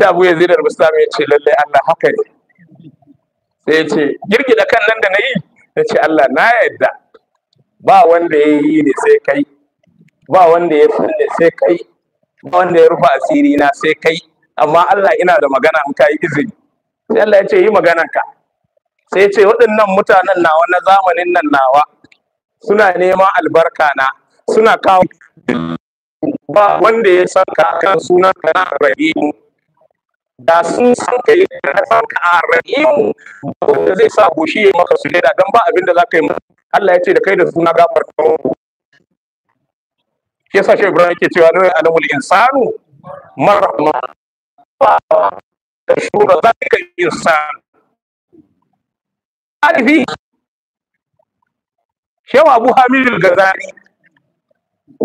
sai abu ya zira al-bustami ya ce lallai Allah haka ne sai ya ce girgida kan nan da na yi ya ce Allah na yadda ba wanda ya yi ne sai kai ba wanda ya fulle sai kai ba wanda ya rufa asiri na sai kai amma Allah ina da magana in kai izini sai Allah ya ce yi magana ka sai ya ce waɗannan mutanen nawa na zamanin nan nawa suna neman albarka na suna kawo ba wanda ya san ka kan sunan ka na rahimu da sun san ka yi san ka a rahimu wanda zai sa goshi ya maka su sujada dan ba abin da za ka yi Allah ya ce da kai da suna gafar ke sa shi Ibrahim ke cewa da alamul insanu marma da shura yi insanu alifi shewa Abu hamilu al-Ghazali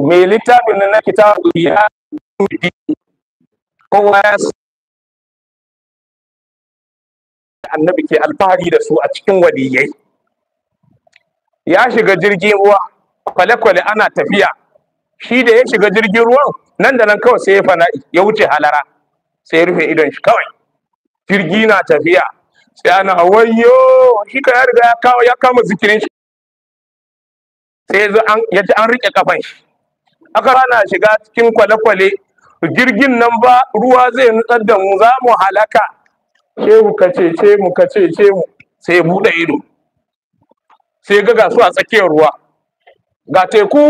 mai littafin na kitabu ya kowa ya annabi ke alfahari da su a cikin waliyai ya shiga jirgin ruwa kwale-kwale ana tafiya shi da ya shiga jirgin ruwan nan da nan kawai sai ya fana ya wuce halara sai ya rufe idon shi kawai jirgi na tafiya sai ana wayo shi ka ya riga ya kawo ya kama zikirin shi sai ya an ya ji an rike kafan shi aka rana shiga cikin kwale-kwale jirgin nan ba ruwa zai nutsar da mu za mu halaka ce mu ka ce ce mu ka ce mu sai buɗe ido sai ga gasu a tsakiyar ruwa ga teku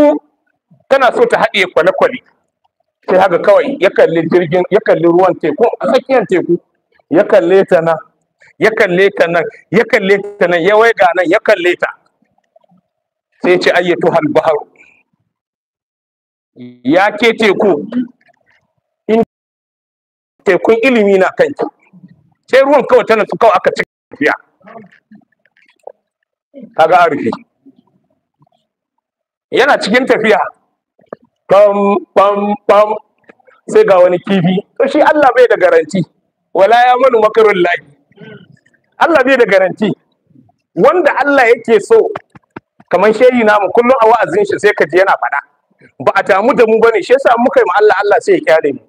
tana so ta haɗiye kwale-kwale sai haka kawai ya kalli jirgin ya kalli ruwan teku a tsakiyar teku ya kalle ta nan ya kalle ta nan ya kalle ta nan ya ga nan ya kalle ta sai ce ayyatu hal baharu ya ke teku in tekun ilimi na kanki sai ruwan kawai tana kawai aka ci tafiya kaga an yana cikin tafiya bam bam bam sai ga wani kifi to shi Allah bai da garanti wala ya manu makarun lahi Allah bai da garanti wanda Allah yake so kamar shehi namu kullum a wa'azin shi sai ka ji yana faɗa ba a damu da mu bane shi yasa muka yi Allah Allah sai ya kyale mu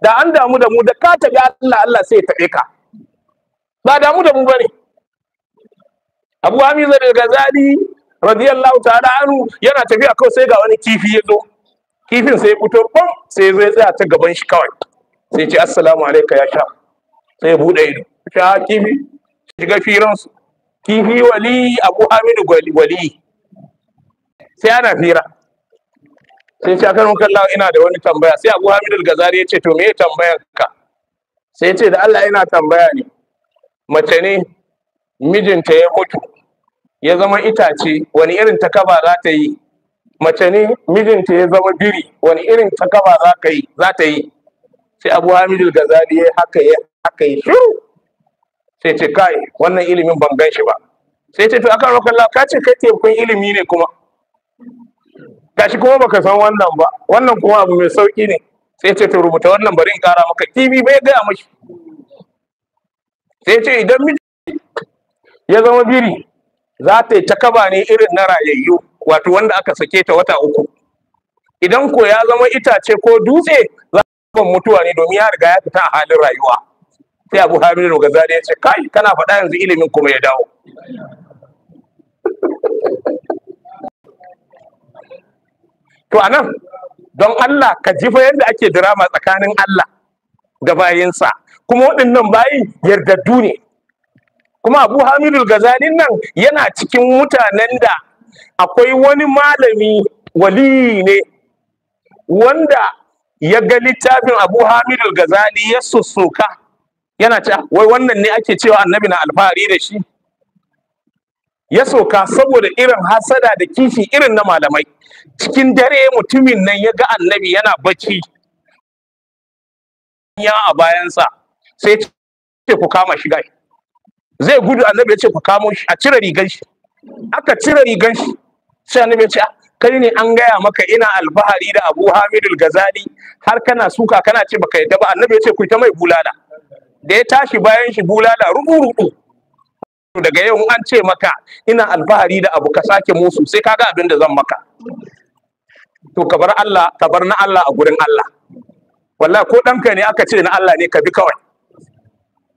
da an damu da mu da ka tabi Allah Allah sai ya tabe ka ba damu da mu bane Abu Hamza da ghazali radiyallahu ta'ala anhu yana tafiya kawai sai ga wani kifi ya zo kifin sai ya fito bam sai ya zo ya tsaya ta gaban shi kawai sai ce assalamu alaikum ya sha sai ya bude ido sha kifi shiga firansu kifi wali abu hamidu wali sai ana fira sai ce akan kalla ina da wani tambaya sai abu hamidu gazari ya ce to me tambayar ka sai ce da allah ina tambaya ne mace ne mijinta ya mutu ya zama itace wani irin takaba za ta yi mace ne mijinta ya zama biri wani irin takaba za ka yi za ta yi sai abu hamidul gazali ya haka ya haka yi shiru sai ce kai wannan ilimin ban gan shi ba sai ce to akan rokallah ka ce kai tekun ilimi ne kuma gashi kuma baka san wannan ba wannan kuma abu mai sauki ne sai ce to rubuta wannan bari in kara maka kibi bai gaya mashi sai ce idan miji ya zama biri za ta yi ta kaba ne irin na rayayyu wato wanda aka sake ta wata uku idan ko ya zama itace ko dutse za ta mutuwa ne domin ya riga ya fita a halin rayuwa sai abu hamidu gazali ya ce kai kana faɗa yanzu ilimin kuma ya dawo to anan don Allah ka jifa yadda ake drama tsakanin Allah ga bayinsa kuma waɗannan bayi yardaddu ne kuma abu hamidul gazalin nan yana cikin mutanen da akwai wani malami wali ne wanda ya ga littafin abu hamidul gazali ya sussuka yana ce wai wannan ne ake cewa annabi na alfahari da shi ya soka saboda irin hasada da kishi irin na malamai cikin dare mutumin nan ya ga annabi yana bacci ya a bayansa sai ce ku kama shi gashi zai gudu annabi ya ce ku kamo shi a cire rigan shi aka cire rigan shi sai annabi ya ce ah, kai ne an gaya maka ina alfahari da Abu Hamid al-Ghazali har kana suka kana ce baka yadda ba annabi ya ce ku ta mai bulala da ya tashi bayan shi bulala rubu rubu daga yau an ce maka ina alfahari da abu ka sake musu sai kaga abin da zan maka to kabar Allah kabar na Allah a gurin Allah wallahi ko ɗanka ne aka ce na Allah ne ka bi kawai